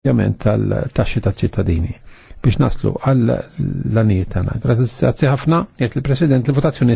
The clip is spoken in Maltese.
ovvjament tal-taxxi tal-ċittadini biex naslu għall lanijiet tagħna. Grazzi ħafna, jgħid il-President, il votazzjoni